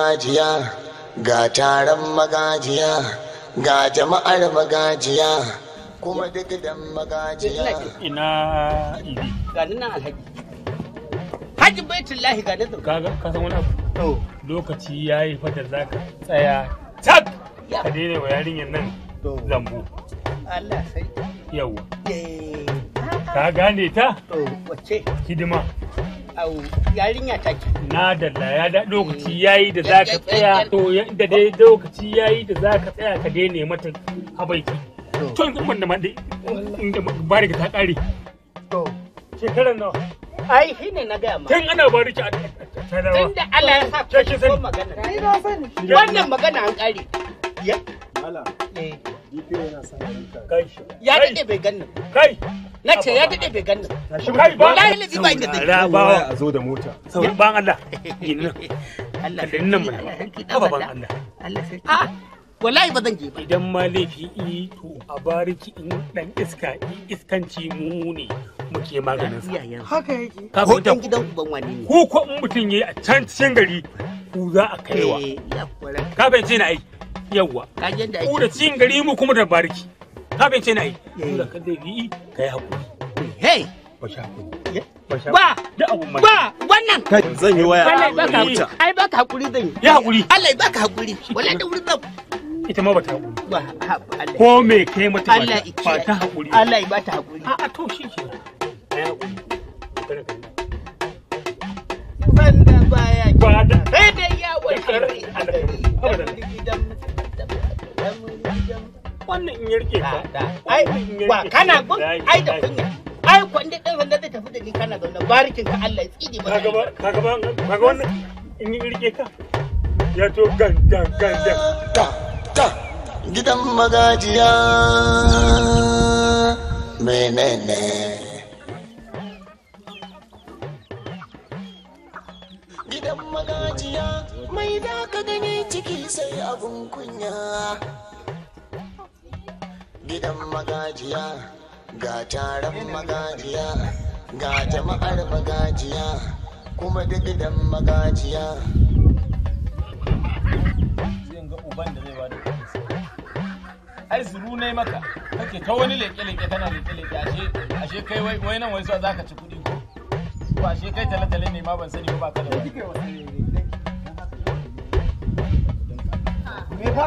magajiya ga taron magajiya ga jama'ar magajiya kuma duk dan magajiya ina ga nan alhaji hajji baitullahi ga nan kaga ka san wani abu to lokaci yayi fa zaka tsaya tab ka daina wa yarinyan nan zambo Allah sai yawa ka gane ta to wace hidima yarinya ta ke na dalla ya da lokaci mm. yayi da zaka tsaya to da dai lokaci yayi da zaka tsaya ka daina mata habaiki to yanzu mun da ma dai inda ta kare to nawa ai shi ne na gaya ma tun ana ki a tun da Allah ya sa ki ko magana ni na sani wannan magana an kare ya Allah eh ya daɗe bai ganna kai na ce ya daɗe bai ganna kai ba wallahi lazi ba inda zai ba a zo da mota saboda ban Allah inna Allah da innan mun ba ban Allah Allah sai ah, wallahi ba zan je ba idan ma laifi yi to a bariki in dan iska iskanci mu ne muke maganin sa haka yake ko dan gidan uban wani ne ko ko in mutun yayi a can cikin gari ku za a kaiwa eh, ka bai ce na yi. yawwa ku da cin gari mu kuma da bariki ka bai ce na yi eh. dole ka yi ka yi hakuri hey ba sha eh, ba ba wannan zan yi waya wallahi baka hakuri ai baka hakuri zan yi ya hakuri Allah baka hakuri wallahi da ita ma bata hakuri ba ko me kai mata ba ta hakuri Allah ba ta hakuri a to shi ke banda baya ba da sai da ya wani wannan in yarke ka ai kana gun ai da kunya ai dan wanda zai tafi da ni kana zauna barikin ka Allah ya kaga kaga kaga wannan in yarke ka ya to gan gan gan ta ta gidan magajiya menene gidan magajiya mai da ka gani ciki sai abun kunya gidan magajiya ga taron magajiya ga jama'ar magajiya kuma da gidan magajiya ai zuru ne maka kake ta wani leke-leke tana leke-leke ashe ashe kai wai wai nan wai zuwa zaka ci kudi ko to ashe kai tale-tale ne ma ban sani ba ba ka da wani me fa